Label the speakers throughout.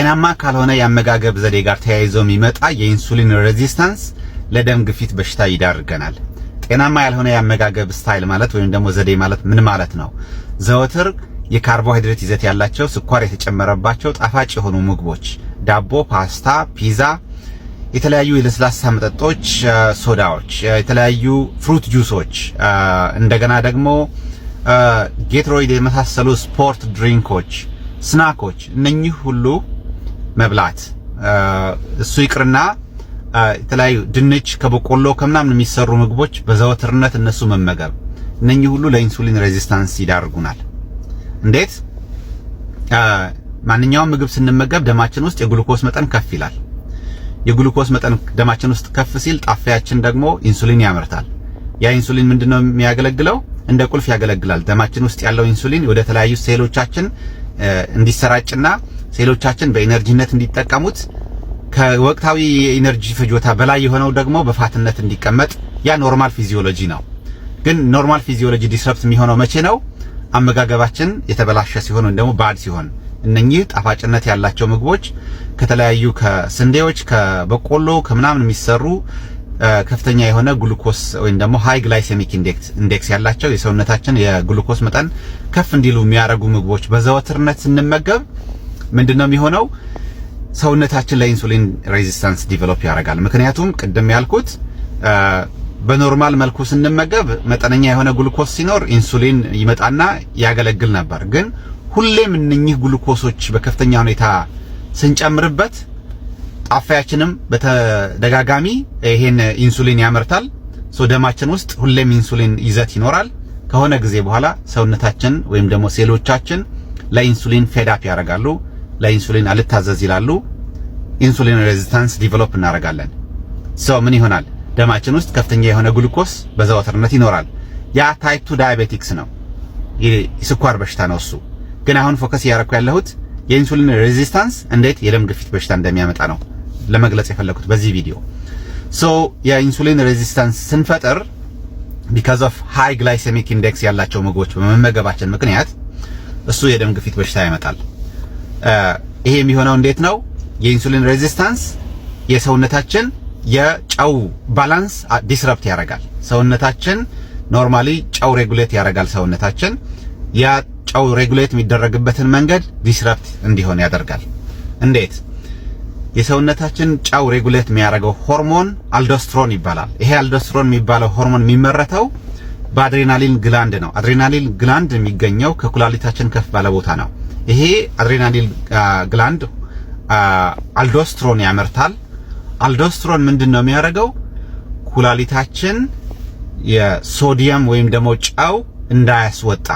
Speaker 1: ጤናማ ካልሆነ የአመጋገብ ዘዴ ጋር ተያይዞ የሚመጣ የኢንሱሊን ሬዚስታንስ ለደም ግፊት በሽታ ይዳርገናል። ጤናማ ያልሆነ የአመጋገብ ስታይል ማለት ወይም ደግሞ ዘዴ ማለት ምን ማለት ነው? ዘወትር የካርቦሃይድሬት ይዘት ያላቸው ስኳር የተጨመረባቸው ጣፋጭ የሆኑ ምግቦች፣ ዳቦ፣ ፓስታ፣ ፒዛ፣ የተለያዩ የለስላሳ መጠጦች፣ ሶዳዎች፣ የተለያዩ ፍሩት ጁሶች፣ እንደገና ደግሞ ጌትሮይድ የመሳሰሉ ስፖርት ድሪንኮች፣ ስናኮች እነኚህ ሁሉ መብላት እሱ ይቅርና የተለያዩ ድንች ከበቆሎ ከምናምን የሚሰሩ ምግቦች በዘወትርነት እነሱ መመገብ እነኚህ ሁሉ ለኢንሱሊን ሬዚስታንስ ይዳርጉናል። እንዴት? ማንኛውም ምግብ ስንመገብ ደማችን ውስጥ የግሉኮስ መጠን ከፍ ይላል። የግሉኮስ መጠን ደማችን ውስጥ ከፍ ሲል ጣፊያችን ደግሞ ኢንሱሊን ያመርታል። ያ ኢንሱሊን ምንድነው የሚያገለግለው? እንደ ቁልፍ ያገለግላል። ደማችን ውስጥ ያለው ኢንሱሊን ወደ ተለያዩ ሴሎቻችን እንዲሰራጭና ሴሎቻችን በኢነርጂነት እንዲጠቀሙት ከወቅታዊ የኢነርጂ ፍጆታ በላይ የሆነው ደግሞ በፋትነት እንዲቀመጥ ያ ኖርማል ፊዚዮሎጂ ነው። ግን ኖርማል ፊዚዮሎጂ ዲስረፕት የሚሆነው መቼ ነው? አመጋገባችን የተበላሸ ሲሆን ወይም ደግሞ ባድ ሲሆን፣ እነኚህ ጣፋጭነት ያላቸው ምግቦች ከተለያዩ ከስንዴዎች፣ ከበቆሎ፣ ከምናምን የሚሰሩ ከፍተኛ የሆነ ግሉኮስ ወይም ደግሞ ሃይ ግላይሴሚክ ኢንዴክስ ያላቸው የሰውነታችን የግሉኮስ መጠን ከፍ እንዲሉ የሚያደርጉ ምግቦች በዘወትርነት ስንመገብ ምንድነው የሚሆነው? ሰውነታችን ላይ ኢንሱሊን ሬዚስታንስ ዲቨሎፕ ያደርጋል። ምክንያቱም ቅድም ያልኩት በኖርማል መልኩ ስንመገብ መጠነኛ የሆነ ግሉኮስ ሲኖር ኢንሱሊን ይመጣና ያገለግል ነበር። ግን ሁሌም እነኚህ ግሉኮሶች በከፍተኛ ሁኔታ ስንጨምርበት ጣፋያችንም በተደጋጋሚ ይሄን ኢንሱሊን ያመርታል። ሶ ደማችን ውስጥ ሁሌም ኢንሱሊን ይዘት ይኖራል። ከሆነ ጊዜ በኋላ ሰውነታችን ወይም ደግሞ ሴሎቻችን ለኢንሱሊን ፌዳፕ ያደርጋሉ። ለኢንሱሊን አልታዘዝ ይላሉ። ኢንሱሊን ሬዚስታንስ ዲቨሎፕ እናደርጋለን። ሰው ምን ይሆናል? ደማችን ውስጥ ከፍተኛ የሆነ ግሉኮስ በዘወትርነት ይኖራል። ያ ታይፕ 2 ዳያቤቲክስ ነው፣ ስኳር በሽታ ነው እሱ። ግን አሁን ፎከስ እያደረኩ ያለሁት የኢንሱሊን ሬዚስታንስ እንዴት የደም ግፊት በሽታ እንደሚያመጣ ነው ለመግለጽ የፈለኩት በዚህ ቪዲዮ። ሶ የኢንሱሊን ሬዚስታንስ ስንፈጥር ቢካዝ ኦፍ ሃይ ግላይሴሚክ ኢንዴክስ ያላቸው ምግቦች በመመገባችን ምክንያት እሱ የደም ግፊት በሽታ ያመጣል። ይሄ የሚሆነው እንዴት ነው? የኢንሱሊን ሬዚስታንስ የሰውነታችን የጨው ባላንስ ዲስረፕት ያደርጋል። ሰውነታችን ኖርማሊ ጨው ሬጉሌት ያደርጋል። ሰውነታችን ያ ጨው ሬጉሌት የሚደረግበትን መንገድ ዲስረፕት እንዲሆን ያደርጋል። እንዴት? የሰውነታችን ጨው ሬጉሌት የሚያደርገው ሆርሞን አልዶስትሮን ይባላል። ይሄ አልዶስትሮን የሚባለው ሆርሞን የሚመረተው በአድሬናሊን ግላንድ ነው። አድሬናሊን ግላንድ የሚገኘው ከኩላሊታችን ከፍ ባለ ቦታ ነው። ይሄ አድሬናሊን ግላንድ አልዶስትሮን ያመርታል። አልዶስትሮን ምንድን ነው የሚያደርገው? ኩላሊታችን የሶዲየም ወይም ደግሞ ጨው እንዳያስወጣ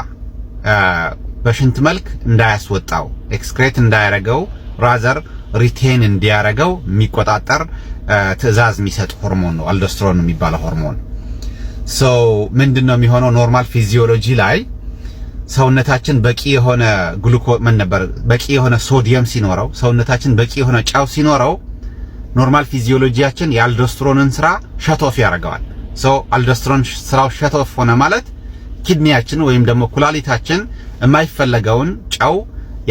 Speaker 1: በሽንት መልክ እንዳያስወጣው ኤክስክሬት እንዳያረገው ራዘር ሪቴን እንዲያረገው የሚቆጣጠር ትዕዛዝ የሚሰጥ ሆርሞን ነው አልዶስትሮን የሚባለው ሆርሞን። ሶ ምንድን ነው የሚሆነው ኖርማል ፊዚዮሎጂ ላይ ሰውነታችን በቂ የሆነ ግሉኮ ምን ነበር በቂ የሆነ ሶዲየም ሲኖረው ሰውነታችን በቂ የሆነ ጨው ሲኖረው ኖርማል ፊዚዮሎጂያችን የአልዶስትሮንን ስራ ሸቶፍ ያደርገዋል። ሰው አልዶስትሮን ስራው ሸቶፍ ሆነ ማለት ኪድኒያችን ወይም ደግሞ ኩላሊታችን የማይፈለገውን ጨው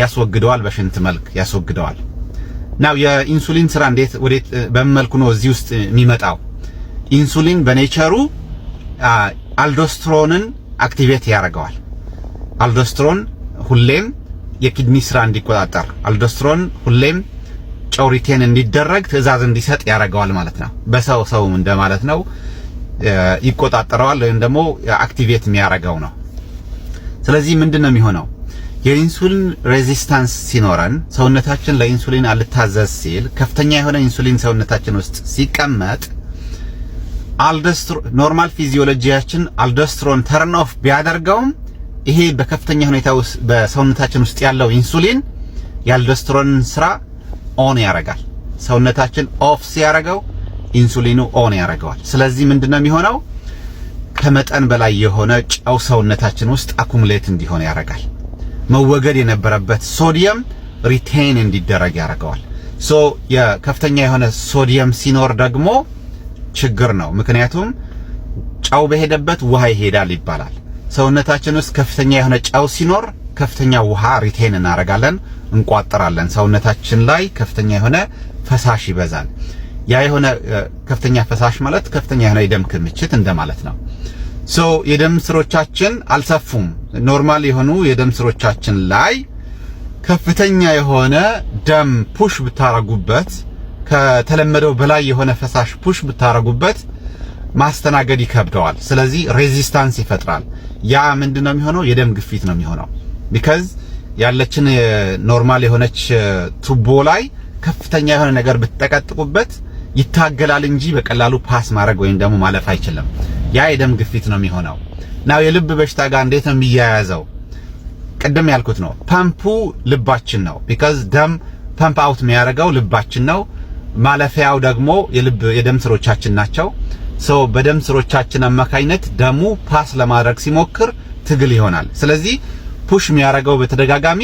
Speaker 1: ያስወግደዋል፣ በሽንት መልክ ያስወግደዋል። ናው የኢንሱሊን ስራ እንዴት ወዴት በምን መልኩ ነው እዚህ ውስጥ የሚመጣው? ኢንሱሊን በኔቸሩ አልዶስትሮንን አክቲቬት ያደርገዋል። አልዶስትሮን ሁሌም የኪድኒ ስራ እንዲቆጣጠር አልዶስትሮን ሁሌም ጨው ሪቴን እንዲደረግ ትዕዛዝ እንዲሰጥ ያደርገዋል ማለት ነው። በሰው ሰው እንደማለት ነው። ይቆጣጠረዋል ወይም ደግሞ አክቲቬት የሚያደርገው ነው። ስለዚህ ምንድን ነው የሚሆነው? የኢንሱሊን ሬዚስታንስ ሲኖረን ሰውነታችን ለኢንሱሊን አልታዘዝ ሲል ከፍተኛ የሆነ ኢንሱሊን ሰውነታችን ውስጥ ሲቀመጥ ኖርማል ፊዚዮሎጂያችን አልዶስትሮን ተርን ኦፍ ቢያደርገውም ይሄ በከፍተኛ ሁኔታ ውስጥ በሰውነታችን ውስጥ ያለው ኢንሱሊን የአልዶስትሮን ስራ ኦን ያረጋል። ሰውነታችን ኦፍ ሲያረገው ኢንሱሊኑ ኦን ያረገዋል። ስለዚህ ምንድነው የሚሆነው? ከመጠን በላይ የሆነ ጨው ሰውነታችን ውስጥ አኩሙሌት እንዲሆን ያረጋል። መወገድ የነበረበት ሶዲየም ሪቴን እንዲደረግ ያረገዋል። ሶ የከፍተኛ የሆነ ሶዲየም ሲኖር ደግሞ ችግር ነው። ምክንያቱም ጨው በሄደበት ውሃ ይሄዳል ይባላል። ሰውነታችን ውስጥ ከፍተኛ የሆነ ጨው ሲኖር ከፍተኛ ውሃ ሪቴን እናደርጋለን፣ እንቋጥራለን። ሰውነታችን ላይ ከፍተኛ የሆነ ፈሳሽ ይበዛል። ያ የሆነ ከፍተኛ ፈሳሽ ማለት ከፍተኛ የሆነ የደም ክምችት እንደማለት ነው። ሶ የደም ስሮቻችን አልሰፉም። ኖርማል የሆኑ የደም ስሮቻችን ላይ ከፍተኛ የሆነ ደም ፑሽ ብታረጉበት ከተለመደው በላይ የሆነ ፈሳሽ ፑሽ ብታረጉበት ማስተናገድ ይከብደዋል። ስለዚህ ሬዚስታንስ ይፈጥራል። ያ ምንድን ነው የሚሆነው? የደም ግፊት ነው የሚሆነው። ቢካዝ ያለችን ኖርማል የሆነች ቱቦ ላይ ከፍተኛ የሆነ ነገር ብትጠቀጥቁበት ይታገላል እንጂ በቀላሉ ፓስ ማድረግ ወይም ደግሞ ማለፍ አይችልም። ያ የደም ግፊት ነው የሚሆነው። ናው የልብ በሽታ ጋር እንዴት ነው የሚያያዘው? ቅድም ያልኩት ነው። ፐምፑ ልባችን ነው። ቢካዝ ደም ፐምፕ አውት የሚያደርገው ልባችን ነው። ማለፊያው ደግሞ የልብ የደም ስሮቻችን ናቸው። ሰው በደም ስሮቻችን አማካኝነት ደሙ ፓስ ለማድረግ ሲሞክር ትግል ይሆናል። ስለዚህ ፑሽ የሚያረገው በተደጋጋሚ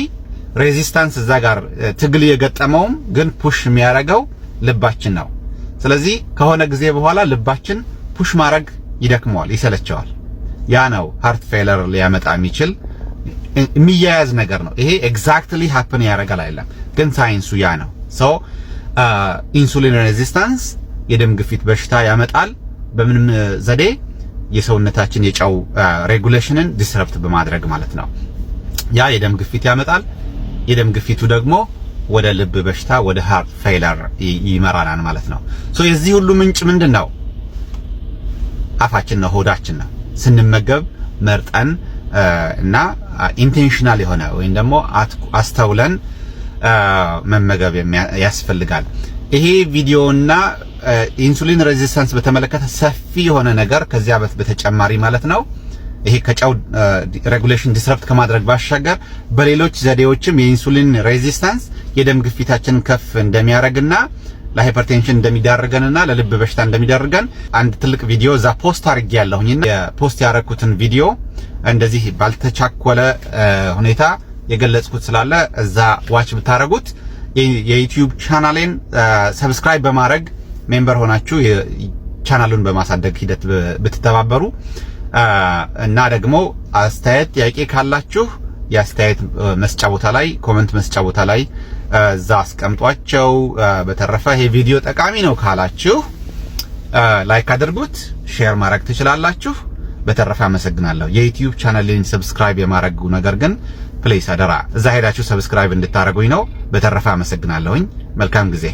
Speaker 1: ሬዚስታንስ እዛ ጋር ትግል የገጠመውም ግን ፑሽ የሚያረገው ልባችን ነው። ስለዚህ ከሆነ ጊዜ በኋላ ልባችን ፑሽ ማድረግ ይደክመዋል፣ ይሰለቸዋል። ያ ነው ሃርት ፌለር ሊያመጣ የሚችል የሚያያዝ ነገር ነው። ይሄ ኤግዛክትሊ ሀፕን ያደርጋል አይደለም፣ ግን ሳይንሱ ያ ነው። ሰው ኢንሱሊን ሬዚስታንስ የደም ግፊት በሽታ ያመጣል። በምንም ዘዴ የሰውነታችን የጨው ሬጉሌሽንን ዲስረፕት በማድረግ ማለት ነው። ያ የደም ግፊት ያመጣል። የደም ግፊቱ ደግሞ ወደ ልብ በሽታ ወደ ሃርት ፌለር ይመራናል ማለት ነው። ሶ የዚህ ሁሉ ምንጭ ምንድን ነው? አፋችን ነው፣ ሆዳችን ነው። ስንመገብ መርጠን እና ኢንቴንሽናል የሆነ ወይም ደግሞ አስተውለን መመገብ ያስፈልጋል። ይሄ ቪዲዮና ኢንሱሊን ሬዚስተንስ በተመለከተ ሰፊ የሆነ ነገር ከዚህ ዓመት በተጨማሪ ማለት ነው ይሄ ከጨው ሬጉሌሽን ዲስረፕት ከማድረግ ባሻገር በሌሎች ዘዴዎችም የኢንሱሊን ሬዚስታንስ የደም ግፊታችንን ከፍ እንደሚያደርግና ለሃይፐርቴንሽን እንደሚዳርገንና ለልብ በሽታ እንደሚዳርገን አንድ ትልቅ ቪዲዮ እዛ ፖስት አድርጌ ያለሁኝና የፖስት ያደረኩትን ቪዲዮ እንደዚህ ባልተቻኮለ ሁኔታ የገለጽኩት ስላለ እዛ ዋች ብታረጉት የዩቲዩብ ቻናሌን ሰብስክራይብ በማድረግ ሜምበር ሆናችሁ ቻናሉን በማሳደግ ሂደት ብትተባበሩ እና ደግሞ አስተያየት ጥያቄ ካላችሁ የአስተያየት መስጫ ቦታ ላይ ኮመንት መስጫ ቦታ ላይ እዛ አስቀምጧቸው። በተረፈ ይሄ ቪዲዮ ጠቃሚ ነው ካላችሁ ላይክ አድርጉት፣ ሼር ማድረግ ትችላላችሁ። በተረፈ አመሰግናለሁ። የዩቲዩብ ቻናሌን ሰብስክራይብ የማድረጉ ነገር ግን ፕሌስ አደራ እዛ ሄዳችሁ ሰብስክራይብ እንድታደርጉኝ ነው። በተረፈ አመሰግናለሁኝ። መልካም ጊዜ